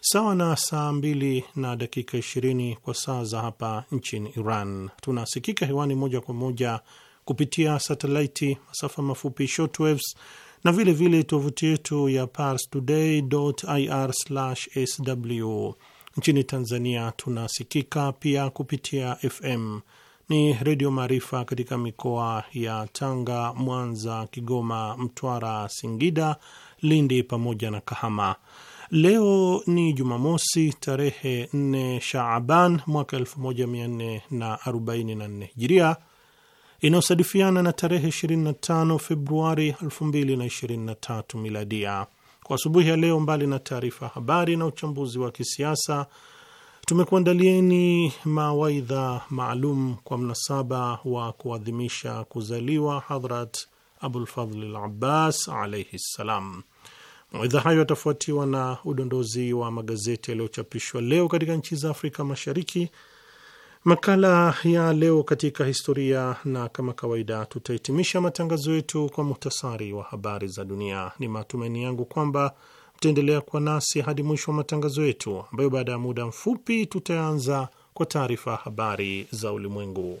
sawa na saa mbili na dakika ishirini kwa saa za hapa nchini Iran. Tunasikika hewani moja kwa moja kupitia satelaiti, masafa mafupi shortwaves na vilevile tovuti yetu ya parstoday.ir/sw. Nchini Tanzania tunasikika pia kupitia FM ni Redio Maarifa katika mikoa ya Tanga, Mwanza, Kigoma, Mtwara, Singida, Lindi pamoja na Kahama. Leo ni Jumamosi tarehe 4 Shaaban mwaka 1444 Hijiria inayosadifiana na tarehe 25 Februari 2023 Miladia. Kwa asubuhi ya leo, mbali na taarifa habari na uchambuzi wa kisiasa, tumekuandalieni mawaidha maalum kwa mnasaba wa kuadhimisha kuzaliwa Hadhrat Abulfadhlil Abbas alaihi ssalam. Mawaidha hayo yatafuatiwa na udondozi wa magazeti yaliyochapishwa leo katika nchi za Afrika Mashariki, makala ya leo katika historia, na kama kawaida tutahitimisha matangazo yetu kwa muhtasari wa habari za dunia. Ni matumaini yangu kwamba mtaendelea kuwa nasi hadi mwisho wa matangazo yetu, ambayo baada ya muda mfupi tutaanza kwa taarifa habari za ulimwengu.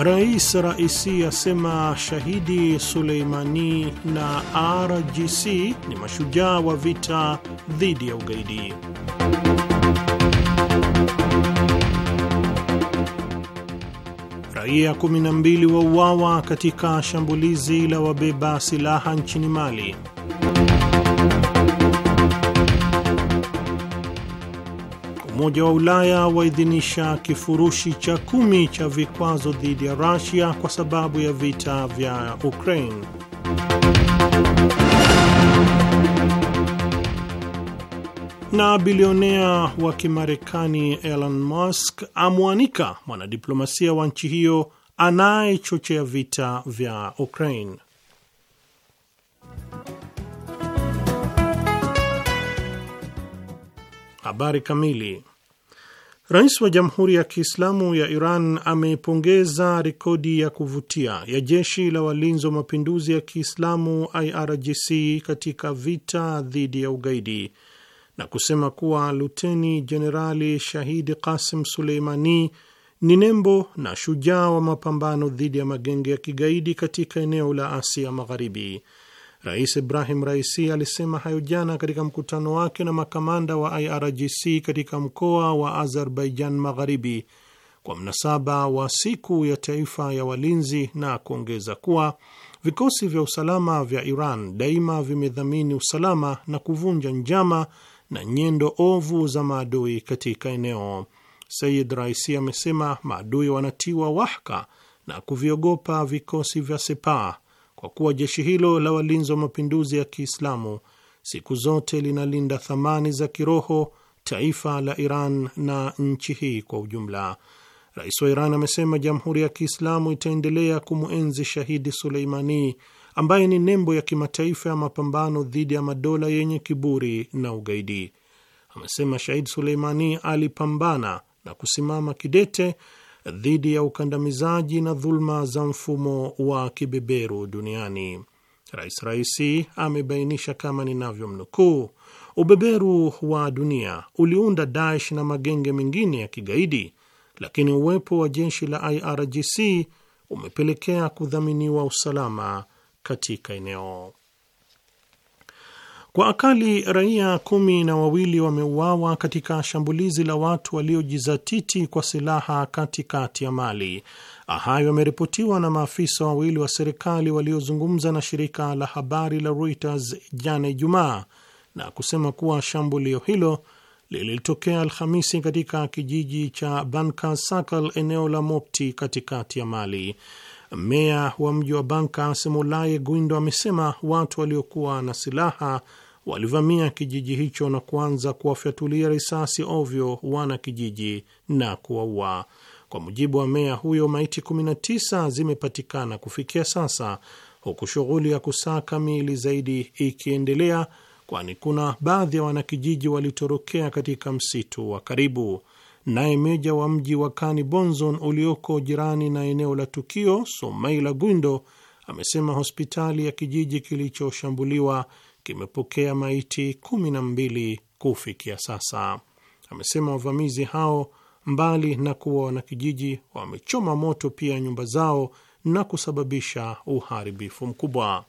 Rais Raisi asema shahidi Suleimani na RGC ni mashujaa wa vita dhidi ya ugaidi. Raia 12 wauawa katika shambulizi la wabeba silaha nchini Mali. Umoja wa Ulaya waidhinisha kifurushi cha kumi cha vikwazo dhidi ya Rusia kwa sababu ya vita vya Ukraine. Na bilionea wa Kimarekani Elon Musk amwanika mwanadiplomasia wa nchi hiyo anayechochea vita vya Ukraine. Habari kamili. Rais wa Jamhuri ya Kiislamu ya Iran ameipongeza rekodi ya kuvutia ya jeshi la walinzi wa mapinduzi ya Kiislamu IRGC katika vita dhidi ya ugaidi na kusema kuwa Luteni Jenerali Shahidi Qasim Suleimani ni nembo na shujaa wa mapambano dhidi ya magenge ya kigaidi katika eneo la Asia Magharibi. Rais Ibrahim Raisi alisema hayo jana katika mkutano wake na makamanda wa IRGC katika mkoa wa Azerbaijan Magharibi kwa mnasaba wa siku ya taifa ya walinzi, na kuongeza kuwa vikosi vya usalama vya Iran daima vimedhamini usalama na kuvunja njama na nyendo ovu za maadui katika eneo. Sayid Raisi amesema maadui wanatiwa wahaka na kuviogopa vikosi vya Sepah kwa kuwa jeshi hilo la walinzi wa mapinduzi ya Kiislamu siku zote linalinda thamani za kiroho taifa la Iran na nchi hii kwa ujumla. Rais wa Iran amesema Jamhuri ya Kiislamu itaendelea kumwenzi shahidi Suleimani ambaye ni nembo ya kimataifa ya mapambano dhidi ya madola yenye kiburi na ugaidi. Amesema shahidi Suleimani alipambana na kusimama kidete dhidi ya ukandamizaji na dhuluma za mfumo wa kibeberu duniani. Rais Raisi amebainisha kama ninavyomnukuu, ubeberu wa dunia uliunda Daesh na magenge mengine ya kigaidi, lakini uwepo wa jeshi la IRGC umepelekea kudhaminiwa usalama katika eneo. Kwa akali raia kumi na wawili wameuawa katika shambulizi la watu waliojizatiti kwa silaha katikati ya Mali. Hayo yameripotiwa na maafisa wawili wa serikali waliozungumza na shirika la habari la Reuters jana Ijumaa na kusema kuwa shambulio hilo lilitokea Alhamisi katika kijiji cha Banka Sakal, eneo la Mopti katikati ya Mali. Meya wa mji wa Banka Semolaye Gwindo amesema watu waliokuwa na silaha walivamia kijiji hicho na kuanza kuwafyatulia risasi ovyo wana kijiji na kuwaua. Kwa mujibu wa meya huyo, maiti 19 zimepatikana kufikia sasa, huku shughuli ya kusaka miili zaidi ikiendelea, kwani kuna baadhi ya wanakijiji walitorokea katika msitu wa karibu. Naye meja wa mji wa Kani Bonzon ulioko jirani na eneo la tukio, Somaila Gwindo, amesema hospitali ya kijiji kilichoshambuliwa kimepokea maiti kumi na mbili kufikia sasa. Amesema wavamizi hao mbali na kuwa wanakijiji, wamechoma moto pia nyumba zao na kusababisha uharibifu mkubwa.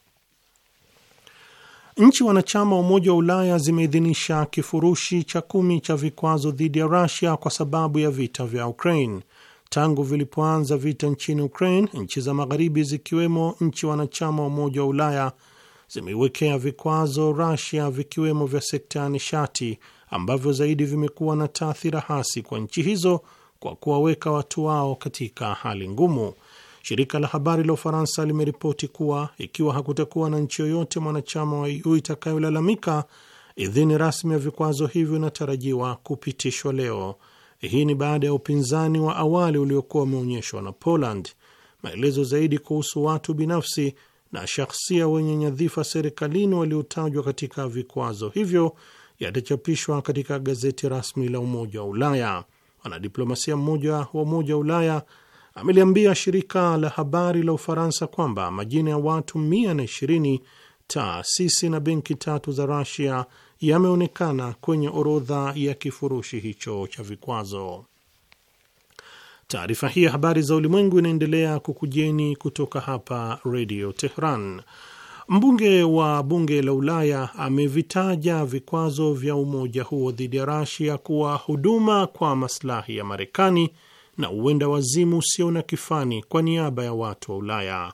Nchi wanachama wa Umoja wa Ulaya zimeidhinisha kifurushi cha kumi cha vikwazo dhidi ya Rusia kwa sababu ya vita vya Ukraine. Tangu vilipoanza vita nchini Ukraine, nchi za Magharibi zikiwemo nchi wanachama wa Umoja wa Ulaya zimeiwekea vikwazo Rasia vikiwemo vya sekta ya nishati ambavyo zaidi vimekuwa na taathira hasi kwa nchi hizo kwa kuwaweka watu wao katika hali ngumu. Shirika la habari la Ufaransa limeripoti kuwa ikiwa hakutakuwa na nchi yoyote mwanachama wa EU itakayolalamika, idhini rasmi ya vikwazo hivyo inatarajiwa kupitishwa leo. Hii ni baada ya upinzani wa awali uliokuwa umeonyeshwa na Poland. Maelezo zaidi kuhusu watu binafsi na shakhsia wenye nyadhifa serikalini waliotajwa katika vikwazo hivyo yatachapishwa katika gazeti rasmi la Umoja wa Ulaya. Mwanadiplomasia mmoja wa Umoja wa Ulaya ameliambia shirika la habari la Ufaransa kwamba majina ya watu 120 taasisi na benki tatu za Rasia yameonekana kwenye orodha ya kifurushi hicho cha vikwazo. Taarifa hii ya habari za ulimwengu inaendelea kukujeni kutoka hapa Redio Tehran. Mbunge wa bunge la Ulaya amevitaja vikwazo vya umoja huo dhidi ya Rasia kuwa huduma kwa maslahi ya Marekani na uenda wazimu usio na kifani kwa niaba ya watu wa Ulaya.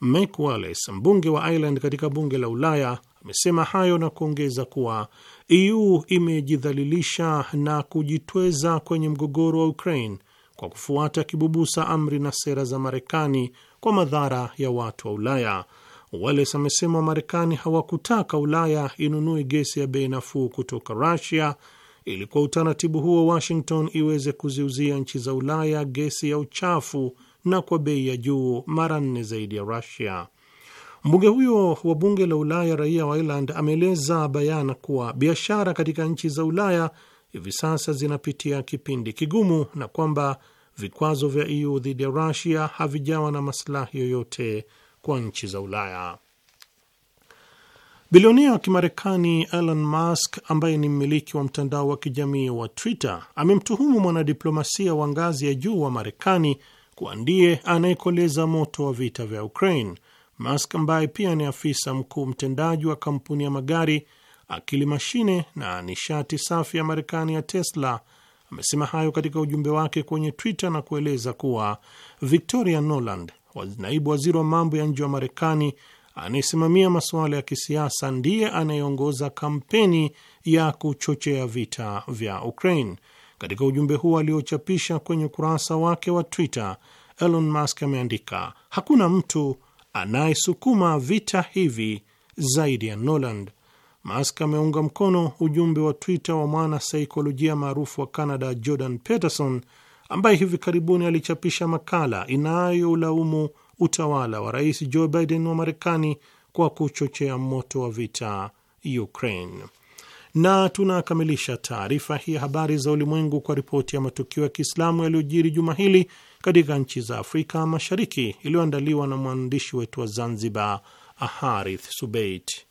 Mike Wallace, mbunge wa Ireland katika bunge la Ulaya, amesema hayo na kuongeza kuwa EU imejidhalilisha na kujitweza kwenye mgogoro wa Ukraine kwa kufuata kibubusa amri na sera za Marekani kwa madhara ya watu wa Ulaya. Wales amesema Marekani hawakutaka Ulaya inunue gesi ya bei nafuu kutoka Rusia ili kwa utaratibu huo Washington iweze kuziuzia nchi za Ulaya gesi ya uchafu na kwa bei ya juu mara nne zaidi ya Rusia. Mbunge huyo wa bunge la Ulaya, raia wa Ireland, ameeleza bayana kuwa biashara katika nchi za Ulaya hivi sasa zinapitia kipindi kigumu na kwamba vikwazo vya EU dhidi ya Rusia havijawa na masilahi yoyote kwa nchi za Ulaya. Bilionea wa Kimarekani Elon Musk ambaye ni mmiliki wa mtandao wa kijamii wa Twitter amemtuhumu mwanadiplomasia wa ngazi ya juu wa Marekani kuwa ndiye anayekoleza moto wa vita vya Ukraine. Musk ambaye pia ni afisa mkuu mtendaji wa kampuni ya magari akili mashine na nishati safi ya Marekani ya Tesla. Amesema hayo katika ujumbe wake kwenye Twitter na kueleza kuwa Victoria Noland, naibu waziri wa mambo ya nje wa Marekani anayesimamia masuala ya kisiasa, ndiye anayeongoza kampeni ya kuchochea vita vya Ukraine. Katika ujumbe huu aliochapisha kwenye ukurasa wake wa Twitter, Elon Musk ameandika, hakuna mtu anayesukuma vita hivi zaidi ya Noland. Musk ameunga mkono ujumbe wa Twitter wa mwana saikolojia maarufu wa Canada Jordan Peterson ambaye hivi karibuni alichapisha makala inayolaumu utawala wa Rais Joe Biden wa Marekani kwa kuchochea moto wa vita Ukraine. Na tunakamilisha taarifa hii ya habari za ulimwengu kwa ripoti ya matukio ya Kiislamu yaliyojiri juma hili katika nchi za Afrika Mashariki iliyoandaliwa na mwandishi wetu wa Zanzibar, Aharith Subeit.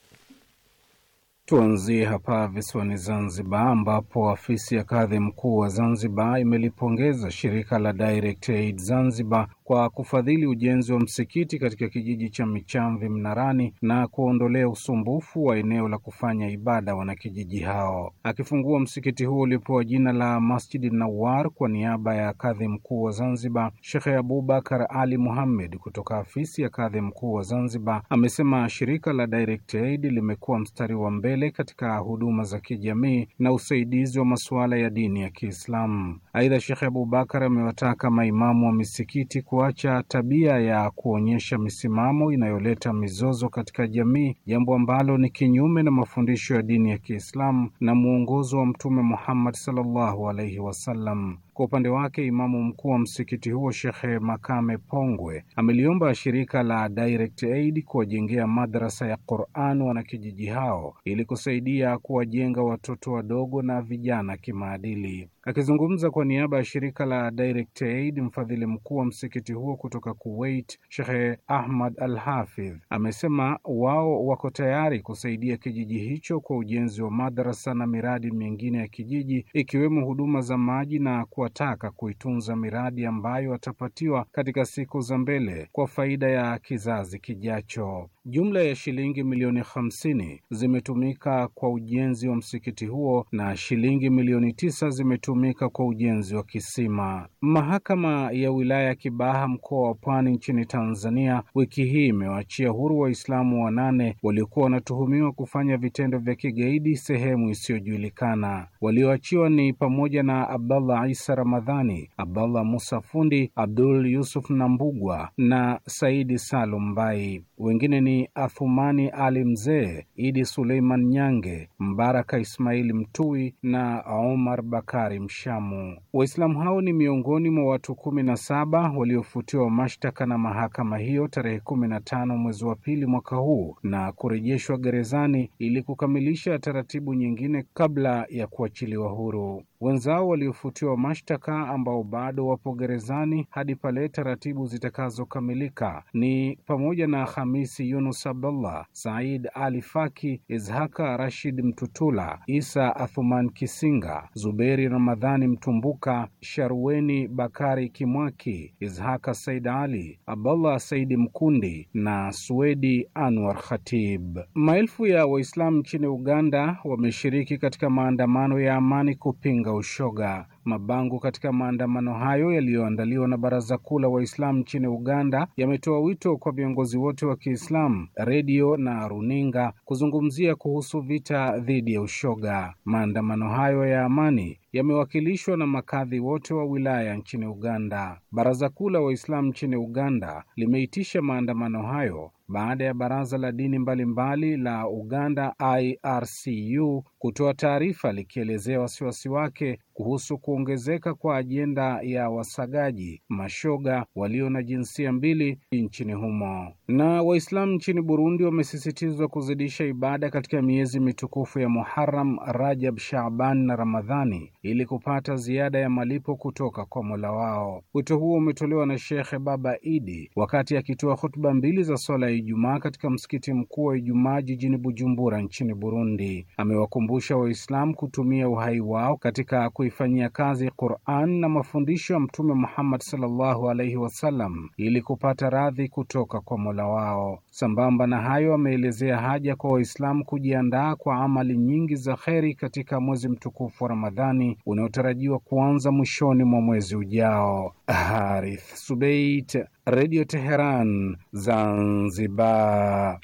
Tuanzie hapa visiwani Zanzibar, ambapo afisi ya kadhi mkuu wa Zanzibar imelipongeza shirika la Direct Aid Zanzibar kwa kufadhili ujenzi wa msikiti katika kijiji cha Michamvi Mnarani na kuondolea usumbufu wa eneo la kufanya ibada wanakijiji hao. Akifungua msikiti huo ulipewa jina la Masjidi Nawar kwa niaba ya kadhi mkuu wa Zanzibar, Shekhe Abubakar Ali Muhammed kutoka afisi ya kadhi mkuu wa Zanzibar amesema shirika la Direct Aid limekuwa mstari wa mbele katika huduma za kijamii na usaidizi wa masuala ya dini ya Kiislamu. Aidha, Shekhe Abubakar amewataka maimamu wa misikiti kuacha tabia ya kuonyesha misimamo inayoleta mizozo katika jamii, jambo ambalo ni kinyume na mafundisho ya dini ya Kiislamu na mwongozo wa Mtume Muhammad sallallahu alaihi wasallam. Kwa upande wake, imamu mkuu wa msikiti huo Shekhe Makame Pongwe ameliomba shirika la Direct Aid kuwajengea madrasa ya Quran wanakijiji hao ili kusaidia kuwajenga watoto wadogo na vijana kimaadili. Akizungumza kwa niaba ya shirika la Direct Aid, mfadhili mkuu wa msikiti huo kutoka Kuwait, Shekhe Ahmad Al Hafidh amesema wao wako tayari kusaidia kijiji hicho kwa ujenzi wa madrasa na miradi mingine ya kijiji ikiwemo huduma za maji na kwa kuwataka kuitunza miradi ambayo watapatiwa katika siku za mbele kwa faida ya kizazi kijacho. Jumla ya shilingi milioni 50 zimetumika kwa ujenzi wa msikiti huo na shilingi milioni tisa zimetumika kwa ujenzi wa kisima. Mahakama ya wilaya ya Kibaha, mkoa wa Pwani, nchini Tanzania, wiki hii imewaachia huru Waislamu wanane waliokuwa wanatuhumiwa kufanya vitendo vya kigaidi sehemu isiyojulikana. Walioachiwa ni pamoja na Abdallah Isa Ramadhani, Abdallah Musa Fundi, Abdul Yusuf Nambugwa na Saidi Salum Mbai. Wengine ni Athumani Ali Mzee, Idi Suleiman Nyange, Mbaraka Ismaili Mtui na Omar Bakari Mshamu. Waislamu hao ni miongoni mwa watu kumi na saba waliofutiwa mashtaka na mahakama hiyo tarehe kumi na tano mwezi wa pili mwaka huu na kurejeshwa gerezani ili kukamilisha taratibu nyingine kabla ya kuachiliwa huru wenzao waliofutiwa mashtaka ambao bado wapo gerezani hadi pale taratibu zitakazokamilika ni pamoja na Hamisi Yunus Abdullah, Said Ali Faki, Izhaka Rashid Mtutula, Isa Athuman Kisinga, Zuberi Ramadhani Mtumbuka, Sharweni Bakari Kimwaki, Izhaka Said Ali, Abdullah Saidi Mkundi na Swedi Anwar Khatib. Maelfu ya Waislamu nchini Uganda wameshiriki katika maandamano ya amani kupinga kupinga ushoga. Mabango katika maandamano hayo yaliyoandaliwa na Baraza Kuu la Waislamu nchini Uganda yametoa wito kwa viongozi wote wa Kiislamu, redio na runinga kuzungumzia kuhusu vita dhidi ya ushoga. Maandamano hayo ya amani yamewakilishwa na makadhi wote wa wilaya nchini Uganda. Baraza Kuu la Waislamu nchini Uganda limeitisha maandamano hayo baada ya baraza la dini mbalimbali mbali la Uganda IRCU kutoa taarifa likielezea wasiwasi wake kuhusu kuongezeka kwa ajenda ya wasagaji mashoga walio na jinsia mbili nchini humo. Na Waislamu nchini Burundi wamesisitizwa kuzidisha ibada katika miezi mitukufu ya muharam Rajab, Shaaban na Ramadhani ili kupata ziada ya malipo kutoka kwa Mola wao. Wito huo umetolewa na Shekhe Baba Idi wakati akitoa hutuba mbili za swala ya Ijumaa katika msikiti mkuu wa Ijumaa jijini Bujumbura nchini Burundi. Amewakumbusha Waislamu kutumia uhai wao katika kuifanyia kazi Quran na mafundisho ya Mtume Muhammad sallallahu alaihi wasallam ili kupata radhi kutoka kwa Mola wao. Sambamba na hayo, ameelezea haja kwa Waislamu kujiandaa kwa amali nyingi za kheri katika mwezi mtukufu wa Ramadhani unaotarajiwa kuanza mwishoni mwa mwezi ujao. Harith Subeit, Radio Teheran, Zanzibar.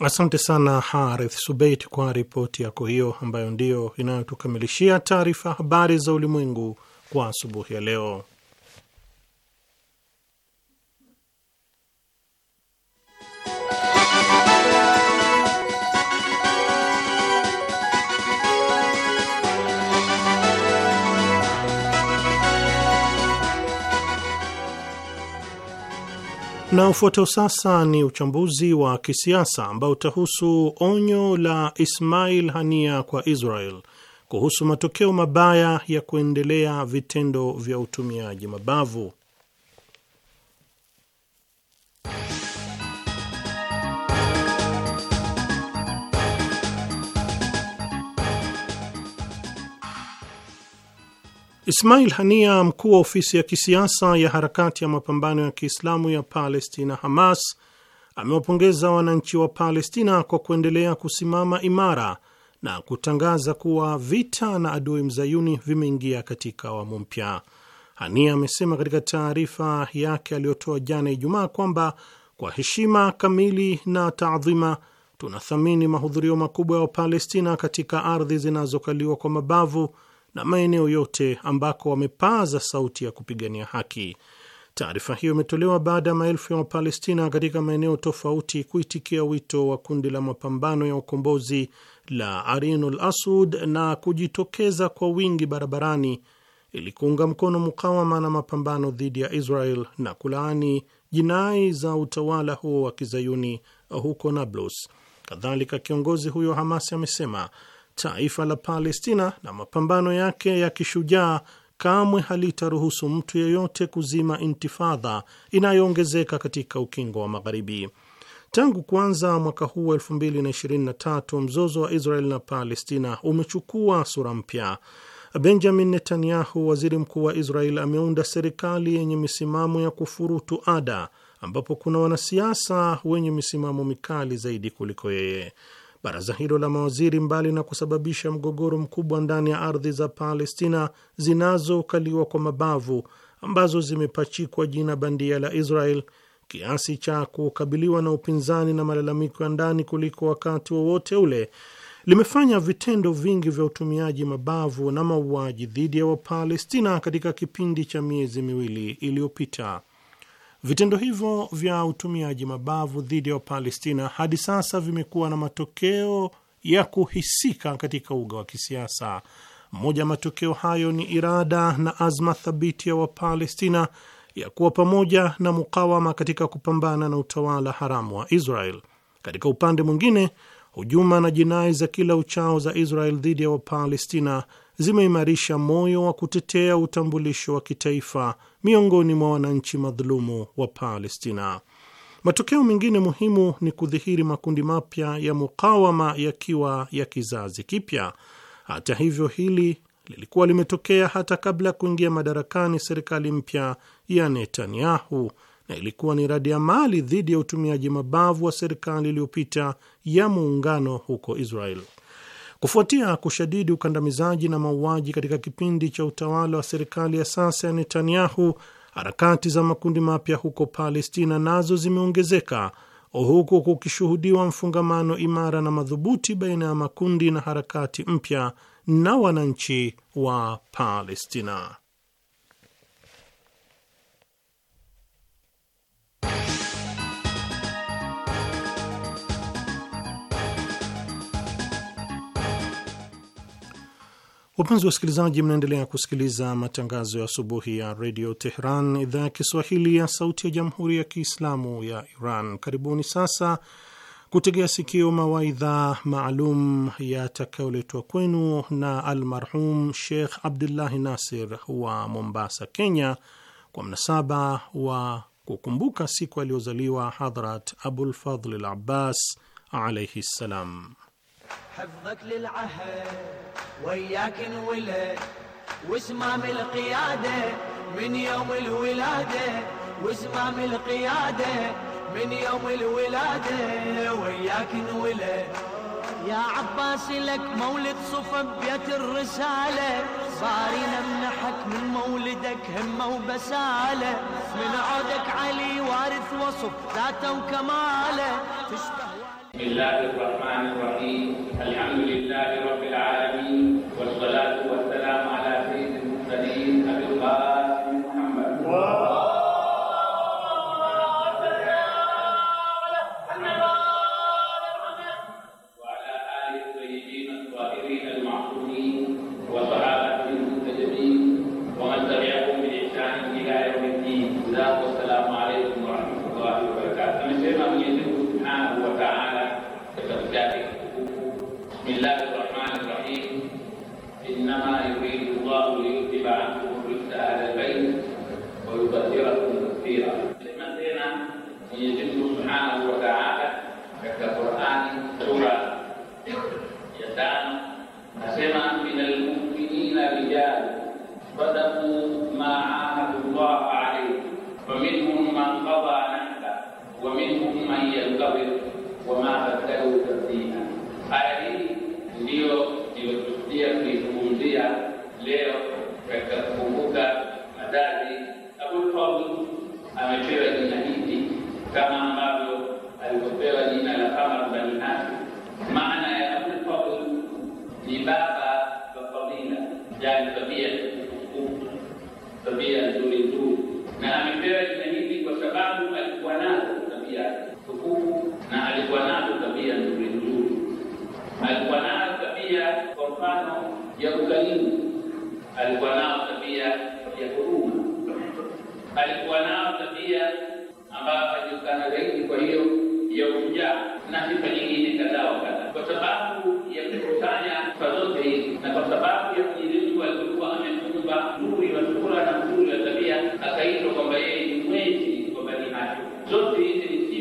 Asante sana Harith Subeit kwa ripoti yako hiyo, ambayo ndiyo inayotukamilishia taarifa habari za ulimwengu kwa asubuhi ya leo. Na ufuatao sasa ni uchambuzi wa kisiasa ambao utahusu onyo la Ismail Hania kwa Israel kuhusu matokeo mabaya ya kuendelea vitendo vya utumiaji mabavu. Ismail Hania, mkuu wa ofisi ya kisiasa ya harakati ya mapambano ya Kiislamu ya Palestina, Hamas, amewapongeza wananchi wa Palestina kwa kuendelea kusimama imara na kutangaza kuwa vita na adui mzayuni vimeingia katika awamu mpya. Hania amesema katika taarifa yake aliyotoa jana Ijumaa kwamba kwa heshima kamili na taadhima tunathamini mahudhurio makubwa ya Wapalestina katika ardhi zinazokaliwa kwa mabavu na maeneo yote ambako wamepaza sauti ya kupigania haki. Taarifa hiyo imetolewa baada ya maelfu ya Wapalestina katika maeneo tofauti kuitikia wito wa kundi la mapambano ya ukombozi la Arinul Asud na kujitokeza kwa wingi barabarani ili kuunga mkono mukawama na mapambano dhidi ya Israel na kulaani jinai za utawala huo wa kizayuni huko Nablus. Kadhalika, kiongozi huyo Hamas amesema taifa la Palestina na mapambano yake ya kishujaa kamwe halitaruhusu mtu yeyote kuzima intifadha inayoongezeka katika ukingo wa Magharibi. Tangu kuanza mwaka huu wa 2023 mzozo wa Israel na Palestina umechukua sura mpya. Benjamin Netanyahu, waziri mkuu wa Israel, ameunda serikali yenye misimamo ya kufurutu ada, ambapo kuna wanasiasa wenye misimamo mikali zaidi kuliko yeye. Baraza hilo la mawaziri, mbali na kusababisha mgogoro mkubwa ndani ya ardhi za Palestina zinazokaliwa kwa mabavu ambazo zimepachikwa jina bandia la Israel, kiasi cha kukabiliwa na upinzani na malalamiko ya ndani kuliko wakati wowote wa ule, limefanya vitendo vingi vya utumiaji mabavu na mauaji dhidi ya Wapalestina katika kipindi cha miezi miwili iliyopita. Vitendo hivyo vya utumiaji mabavu dhidi ya Wapalestina hadi sasa vimekuwa na matokeo ya kuhisika katika uga wa kisiasa. Moja ya matokeo hayo ni irada na azma thabiti ya Wapalestina ya kuwa pamoja na mukawama katika kupambana na utawala haramu wa Israel. Katika upande mwingine, hujuma na jinai za kila uchao za Israel dhidi ya Wapalestina zimeimarisha moyo wa kutetea utambulisho wa kitaifa miongoni mwa wananchi madhulumu wa Palestina. Matokeo mengine muhimu ni kudhihiri makundi mapya ya mukawama yakiwa ya kizazi kipya. Hata hivyo, hili lilikuwa limetokea hata kabla ya kuingia madarakani serikali mpya ya Netanyahu na ilikuwa ni radi ya mali dhidi ya utumiaji mabavu wa serikali iliyopita ya muungano huko Israel. Kufuatia kushadidi ukandamizaji na mauaji katika kipindi cha utawala wa serikali ya sasa ya Netanyahu, harakati za makundi mapya huko Palestina nazo zimeongezeka huku kukishuhudiwa mfungamano imara na madhubuti baina ya makundi na harakati mpya na wananchi wa Palestina. Wapenzi wa wasikilizaji, mnaendelea kusikiliza matangazo ya asubuhi ya redio Tehran, idhaa ya Kiswahili ya sauti ya jamhuri ya Kiislamu ya Iran. Karibuni sasa kutegea sikio mawaidha maalum yatakayoletwa kwenu na almarhum Sheikh Abdullahi Nasir wa Mombasa, Kenya, kwa mnasaba wa kukumbuka siku aliyozaliwa Hadhrat Abulfadl al Abbas alaihi ssalam. حفظك للعهد وياك انولد واسمام القيادة من يوم الولادة واسمام القيادة من يوم الولادة وياك انولد يا عباس لك مولد صفى بيت الرسالة صاري منحك من مولدك همة وبسالة من عودك علي وارث وصف ذاته وكماله تشبه بسم الله الرحمن الرحيم الحمد لله رب العالمين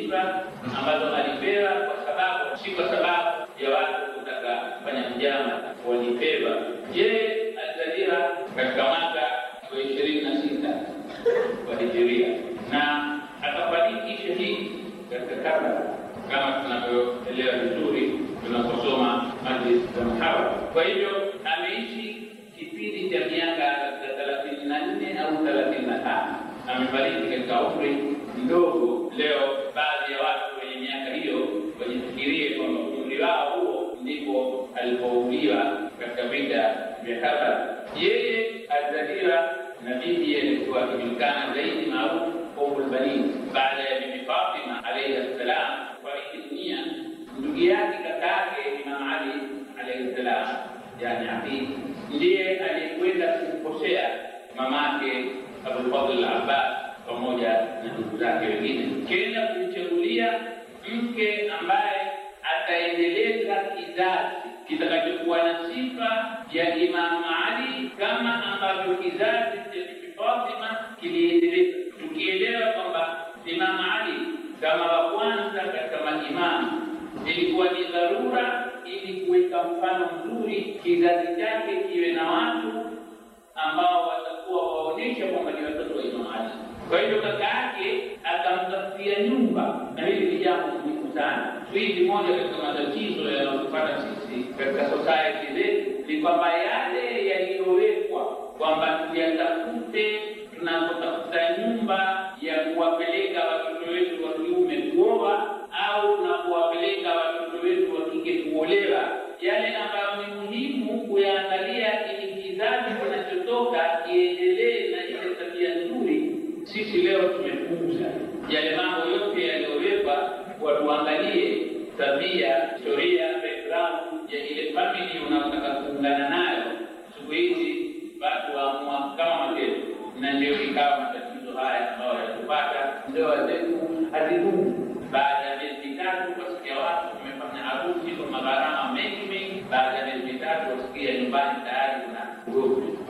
hikma ambazo alipewa kwa sababu, si kwa sababu ya watu kutaka kufanya njama, walipewa. Je, alizaliwa katika mwaka wa ishirini na sita wa hijiria na akafariki shahidi katika kabla, kama tunavyoelewa vizuri tunaposoma majlis za mahawa. Kwa hivyo ameishi kipindi cha miaka thelathini na nne au thelathini na tano amefariki katika umri mdogo leo Ali alayhi salam, yani Atiq, ndiye aliyekwenda kumposea mamake Abu Fadl al-Abbas pamoja na ndugu zake wengine, kenda kumchagulia mke ambaye ataendeleza kizazi kitakachokuwa na sifa ya Imamu Ali kama ambavyo kizazi cha Bibi Fatima kiliendeleza, tukielewa kwamba Imamu Ali kama wa kwanza katika maimamu ilikuwa ni dharura ili kuweka mfano mzuri, kizazi chake kiwe na watu ambao watakuwa waonyesha kwamba ni watoto wa Imam Ali. Kwa hivyo kaka yake akamtafutia nyumba, na hili ni jambo muhimu sana. hizi moja katika matatizo yanayotupata sisi katika society zetu ni kwamba yale yaliyowekwa kwamba tuyatafute, tunazotafuta nyumba ya kuwapeleka watoto wetu wa kiume kuoa au na kuwapeleka watoto wetu wa kike kuolewa, yale ambayo ni muhimu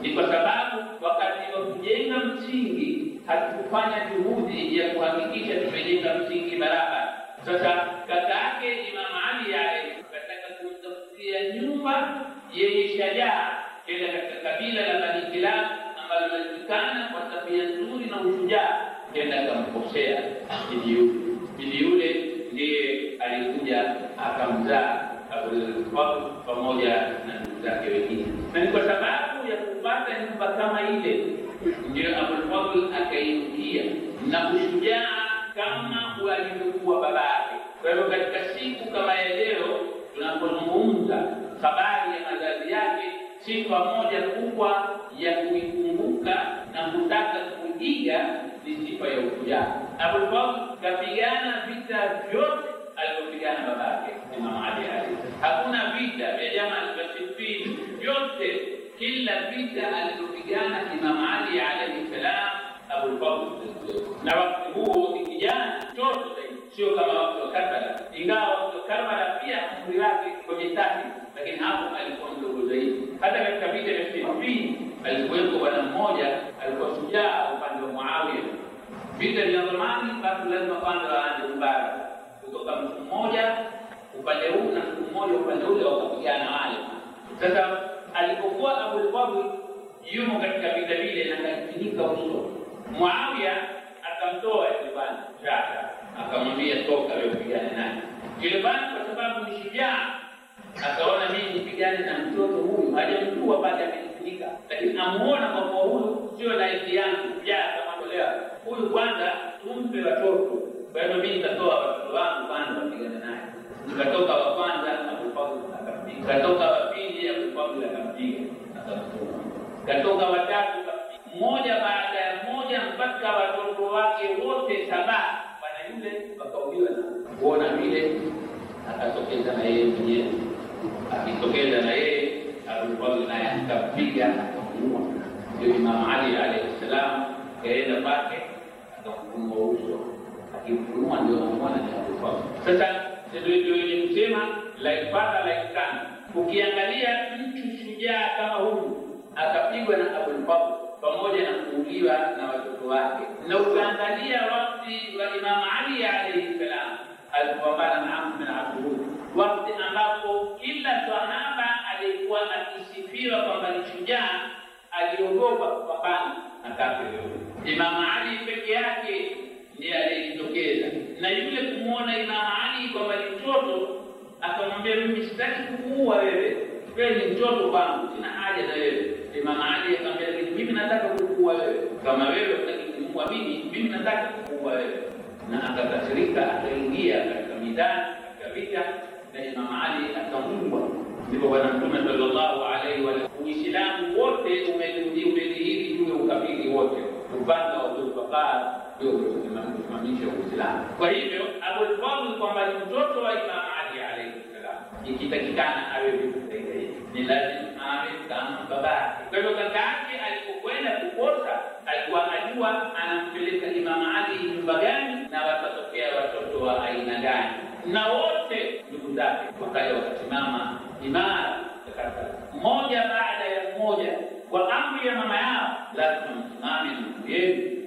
Ni kwa sababu wakati wa kujenga msingi hatukufanya juhudi ya kuhakikisha tumejenga msingi barabara. Sasa kaka yake Imam Ali yale kataka kumtafutia nyumba yenye shajaa, kenda katika kabila la Bani Kilab ambalo linajulikana kwa tabia nzuri na ushujaa, kenda akamkosea Bibi yule ndiye alikuja akamzaa Abulfadl pamoja na ndugu zake wengine, na ni kwa sababu ya kupata nyumba kama ile ndiyo Abulfadl akaingia na kushujaa kama walivyokuwa babake. Kwa hivyo katika siku kama ya leo tunapozungumza habari ya mazazi yake, sifa moja kubwa ya kuikumbuka na kutaka kuiga ni sifa ya ushujaa. Abulfadl kapigana vita vyote alipopigana babake ni mama Ali Ali. Hakuna vita vya jamaa al-Bashir vyote, kila vita alipopigana Imam Ali alayhi salam Abu Bakr, na wakati huo ni kijana mtoto zaidi, sio kama wakati wa Karbala, ingawa wakati wa Karbala pia umri wake kwenye tatu, lakini hapo alikuwa mdogo zaidi. Hata katika vita vya Siffin alikuwepo bwana mmoja alikuwa shujaa upande wa Muawiya. Vita vya zamani, basi lazima kwanza waanze Mubarak kutoka mtu mmoja upande huu na mtu mmoja upande ule, wakapigana wale. Sasa alipokuwa Abul Fadhl yumo katika vita vile, na akajifunika uso, Muawiya akamtoa Jilbani Jaka akamwambia toka, wewe pigane naye. Jilbani kwa sababu ni shujaa, akaona mimi nipigane na mtoto huyu, hajamjua bado amejifunika, lakini amuona kwa huyu sio laiki yangu, jaa akamwambia huyu kwanza tumpe watoto Kwa hivyo mimi nitatoa watoto wangu kwanza wapigana naye, nikatoka wa kwanza akupanga akampiga, katoka wa pili akupanga akampiga akamtuma, katoka wa tatu mmoja baada ya mmoja mpaka watoto wake wote saba, bwana yule wakauliwa na kuona vile, akatokeza na yeye mwenyewe, akitokeza na yeye akupanga naye akampiga akamuua. Ndio Imam Ali alayhi salam kaenda kwake akamfunga uso akifunua ndio anaona cha sasa. Ndio ile msema like father Ukiangalia mtu shujaa kama huyu akapigwa na Abu Bakr pamoja na kuuliwa na watoto wake, na ukaangalia wakati wa Imam Ali alayhi salam alipambana na Amr bin Abdul, wakati ambapo kila sahaba alikuwa akisifiwa kwamba ni shujaa, aliogopa kupambana na kafiri. Imam Ali peke yake ndiye aliyejitokeza na yule kumwona Imamu Ali kwamba ni mtoto, akamwambia mimi sitaki kukuua wewe, wewe ni mtoto wangu, sina haja na wewe. Imamu Ali akamwambia lakini mimi nataka kukuua wewe, kama wewe unataka kumuua mimi, mimi nataka kukuua wewe. Na akakasirika, akaingia katika midani ya vita, na Imamu Ali akamuua. Ndipo Bwana Mtume sallallahu ndio kusimamisha Uislamu. Kwa hivyo Abul Fadhl kwamba ni mtoto wa Imam Ali alayhi salam, ikitakikana awe ni lazima awe kama babake. Kwa hivyo kaka yake alipokwenda kukosa, alikuwa ajua anampeleka Imam Ali nyumba gani na watatokea watoto wa aina gani, na wote ndugu zake wakaja wakasimama imara mmoja baada ya mmoja, kwa amri ya mama yao, lazima msimame ndugu yenu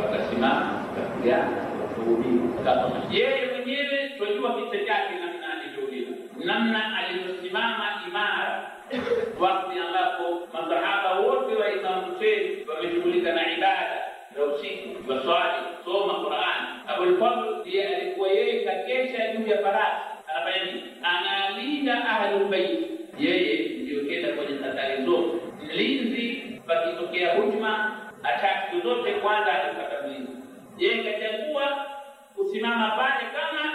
wakasimama kapigana wakauliwa kama yeye mwenyewe twajua vita chake namna alivyouliwa namna alivyosimama imara wakati ambapo masahaba wote wa imamu Husein wameshughulika na ibada za usiku waswali soma Qurani Abulfadl ndiye alikuwa yeye kakesha juu ya farasi anafanya nini analinda ahlulbeiti yeye ndio kenda kwenye hatari zote mlinzi pakitokea hujma attack zozote kwanza atakabili. Yeye kachagua kusimama pale kama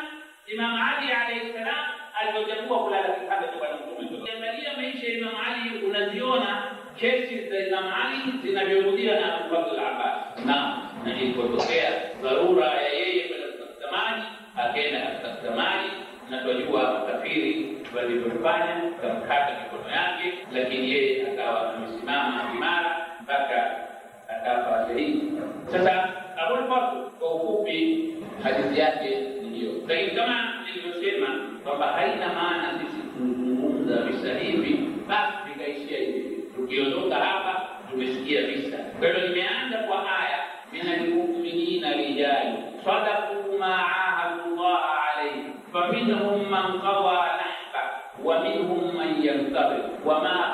Imam Ali alayhi salam alivyochagua kulala kitanda cha Bwana Mtume. Angalia maisha ya Imam Ali unaziona kesi za Imam Ali zinavyorudia na Abu Bakr al-Abbas. Naam, na ilipotokea dharura ya yeye kwenda kutafuta maji, akaenda kutafuta maji na tunajua kafiri walivyofanya, kamkata mikono yake, lakini yeye akawa amesimama imara mpaka atafarajai sasa abul fadl kwa ufupi hadithi yake ni hiyo lakini kama nilivyosema kwamba haina maana sisi kuzungumza visa hivi basi vikaishia hivi tukiondoka hapa tumesikia visa kwa hivyo nimeanza kwa haya min almuminina rijalu sadaqu ma ahadu llaha alaihi faminhum man qawa nahba wa minhum man yantabir wama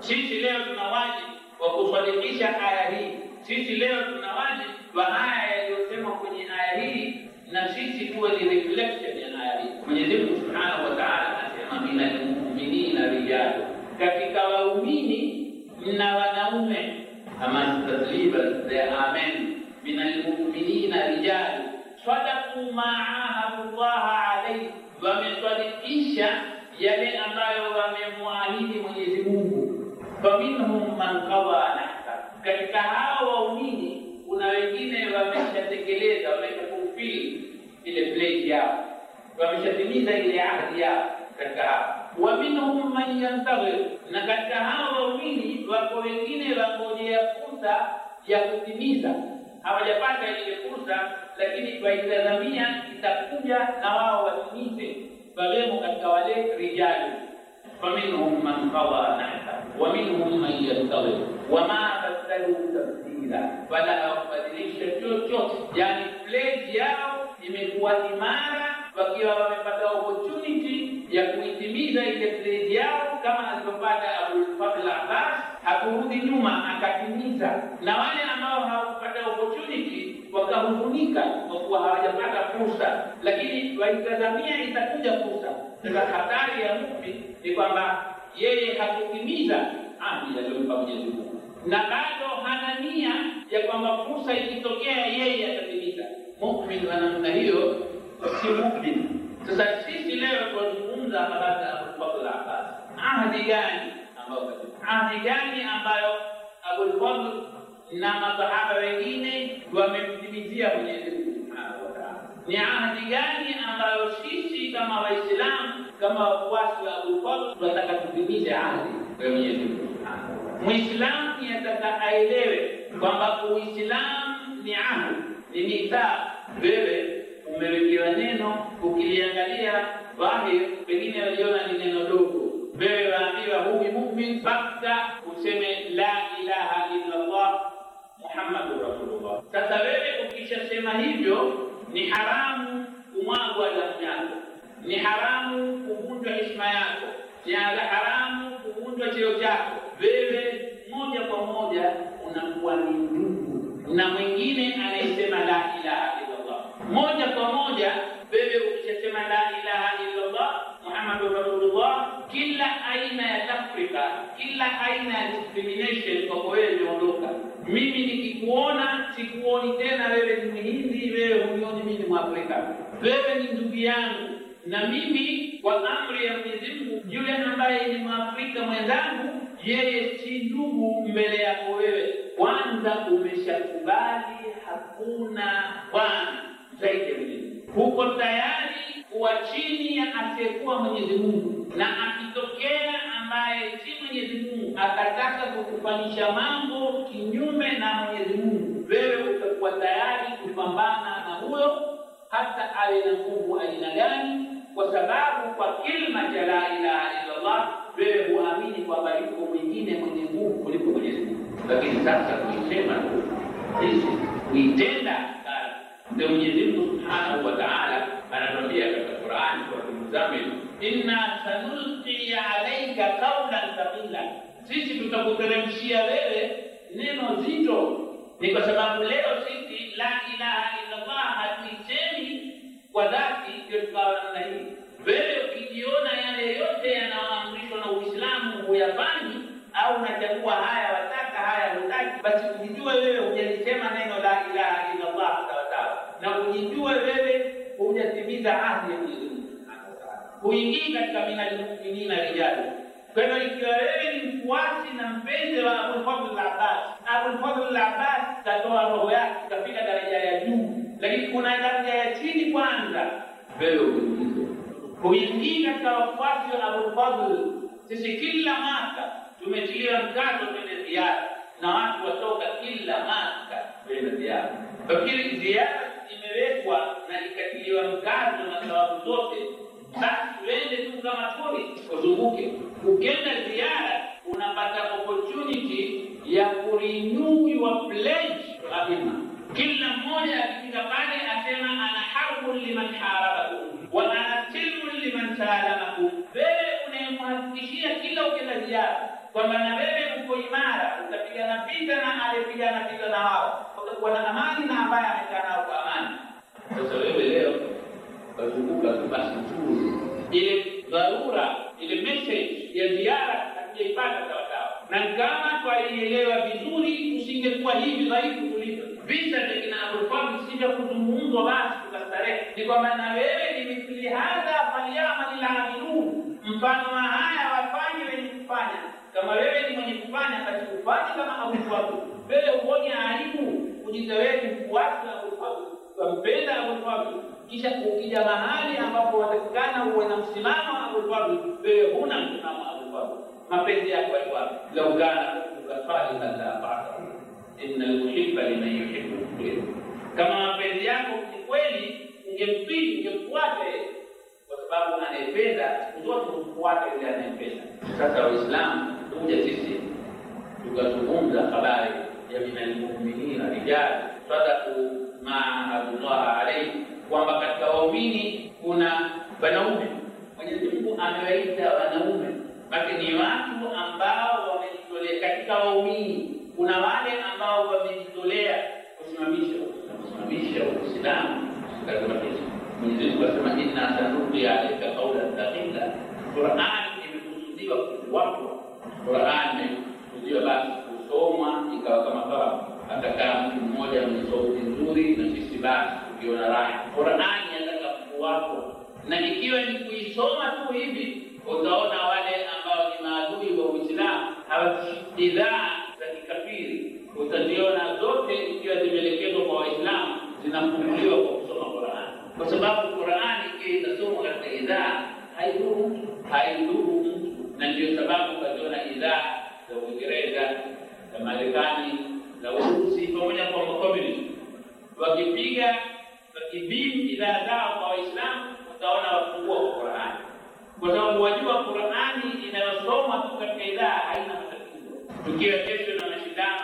Sisi leo tuna wajibu wa kufanikisha aya hii. Sisi leo tuna wajibu wa haya yaliyosema kwenye aya hii, na sisi tuwe ni reflection ya aya hii. Mwenyezi Mungu Subhanahu wa Ta'ala anasema, minal mu'minina rijalu, katika waumini mna wanaume. Ama tasliba ya amen, minal mu'minina rijalu sadaqu ma'ahadu Allah alayhi, wamesadikisha yale ambayo wamemwahidi Mwenyezi Mungu faminhum man qada nahba, katika hao waumini kuna wengine wameshatekeleza, wameshafulfili ile pledge yao, wameshatimiza ile ahadi yao katika hao. Wa minhum man yantaghir, na katika hao waumini wako wengine wangojea fursa ya kutimiza, hawajapata ile fursa, lakini waitazamia itakuja na wao watimize, wawemo katika wale rijali فمنهم من قضى نحبه ومنهم من ينتظر وما بدلوا تبديلا ولا kubadilisha chochote yani pledge yao imekuwa imara wakiwa wamepata opportunity ya kuitimiza ile pledge yao kama alivyopata Abulfadl Abbas hakurudi nyuma akatimiza na wale ambao hawakupata opportunity wakahuzunika kwa kuwa hawaja fursa, lakini waitazamia itakuja fursa. Sasa hatari ya muumini ni kwamba yeye hakutimiza amri aliyompa Mwenyezi Mungu, na bado hana nia ya kwamba fursa ikitokea yeye atatimiza. Mumin wa namna hiyo si mumin. Sasa sisi leo tunazungumza habari za Abulfadhl Abbas, ahadi gani ambayo ahadi gani ambayo Abul Fadl na masahaba wengine wamemtimizia Mwenyezi Mungu subhanahu ni ahadi gani ambayo sisi kama Waislamu, kama wafuasi wa Abu tunataka tutimize ahadi kwa Mwenyezi Mungu. Muislamu yataka aelewe kwamba Uislamu ni ahadi, ni mitaa. Wewe umewekewa neno, ukiliangalia dhahir, pengine waliona ni neno dogo. Wewe waambiwa huyu mumin, basta useme la ilaha illa Allah Muhammadu rasulullah. Sasa wewe ukishasema hivyo ni haramu kumwagwa damu yako, ni haramu kuvunjwa heshima yako, ni haramu kuvunjwa cheo chako. Wewe moja kwa moja unakuwa ni ndugu na mwingine anayesema la ilaha illallah. Moja kwa moja wewe ukishasema la ilaha illallah Muhammadu rasulullah, kila aina ya tafrika, kila aina ya discrimination kwako wewe imeondoka mimi nikikuona sikuoni tena, wewe ni Mhindi, wewe unioni mimi ni Mwafrika, wewe ni ndugu yangu. Na mimi kwa amri ya Mwenyezi Mungu, yule ambaye ni Mwafrika mwenzangu, yeye si ndugu mbele yako wewe. Kwanza umeshakubali hakuna bwana zaidi ya Mwenyezi Mungu, huko tayari kuwa chini ya asiyekuwa Mwenyezi Mungu, na akitokea ambaye si Mwenyezi Mungu akataka kukufanyisha mambo kinyume na Mwenyezi Mungu, wewe utakuwa tayari kupambana na huyo hata awe na nguvu aina gani, kwa sababu kwa kilima cha la ilaha illallah wewe huamini kwamba yuko mwingine mwenye nguvu kuliko Mwenyezi Mungu. Lakini sasa kuisema hizi kuitenda ndio Mwenyezi Mungu subhanahu wa taala anatuambia katika Qurani kwa kumzamil inna sanulqi alayka qawlan thaqila sisi tutakuteremshia wewe neno zito. Ni kwa sababu leo sisi la ilaha illallah hatuisemi kwa dhati, ndio tukawa namna hii. Wewe ukijiona yale yote yanayoamrishwa na Uislamu huyafanyi au unachagua haya wataka haya hutaki, basi ujijue wewe hujalisema neno la ilaha illallah tawatawa, na ujijue wewe hujatimiza ahdi ya Mwenyezi Mungu, katika minal muminina kwa hivyo ikiwa wewe ni mfuasi na mpenzi wa Abul Fadhl al-Abbas, Abul Fadhl al-Abbas tatoa roho yake kafika daraja ya juu, lakini kuna daraja ya chini kwanza, wewe uingize kuingia katika wafuasi wa Abul Fadhl. Sisi kila mwaka tumetilia mkazo kwenye ziara na watu watoka kila mwaka kwenye ziara, lakini ziara imewekwa na ikatiliwa mkazo na sababu zote basi tuende tu kama kuni uzunguke. Ukenda ziara unapata opportunity ya kurinyuiwa pledge lazima kila mmoja akifika pale asema ana harbu liman harabakum wa ana silmu liman salamakum. Wewe unayemhakikishia kila ukenda ziara kwamba na wewe uko imara, utapigana vita na aliyepigana vita na wao, utakuwa na amani na ambaye amekaa nao kwa amani. Sasa wewe leo wazunguka ile dharura, ile message ya ziara za sawasawa, na kama twaielewa vizuri, tusingekuwa hivi dhaifu tulivyo. Visa vya kina Abulfadl si kuzungumzwa basi tukastarehe, ni kwa maana wewe ni mithili hadha falyamal amilun, mfano wa haya wafanye wenye kufanya. Kama wewe ni mwenye kufanya, basi ufanye kama Abulfadl. Wewe uone aibu kujitawezi kufuata Abulfadl, wampenda Abulfadl kisha kuukija mahali ambapo watakana uwe na msimamo abubabu, wewe huna msimamo abubabu, mapenzi yako yalikuwa laukana ukasalihan la fata inna lmuhiba liman yuhibbu, kama mapenzi yako ni kweli ungemtii ungemfuate, kwa sababu anayependa ndoto mfuate yule anayependa. Sasa Waislamu tukuja sisi tukazungumza habari ya minalmuminina rijali sadaku ma ahadullah alaihi kwamba katika waumini kuna wanaume. Mwenyezi Mungu amewaita wanaume, basi ni watu ambao wamejitolea. Katika waumini kuna wale ambao wamejitolea kusimamisha kusimamisha Uislamu katika mataifa. Mwenyezi Mungu asema inna sanulqi alayka qawlan thaqila. Qur'an imekusudiwa kuwapo, Qur'an imekusudiwa basi kusomwa ikawa kama kawa, atakaa mtu mmoja mwenye sauti nzuri na sisi basi ukiona raha. Qurani yataka mkuu wako, na ikiwa ni kuisoma tu hivi, utaona wale ambao ni maadui wa Uislamu au za kikafiri, utaziona zote ikiwa zimeelekezwa kwa Waislamu, zinafunguliwa kwa kusoma Qurani, kwa sababu Qurani ikiwa itasomwa katika idhaa haidhuru haidhuru mtu, na ndio sababu ukaziona idhaa za Uingereza za Marekani za Urusi pamoja kwa makomunisti wakipiga lakini idara kwa Waislamu utaona wafungua wa Qurani, kwa sababu wajua Qurani inayosoma tu katika idara haina matatizo. Tukiwa kesho na mashindano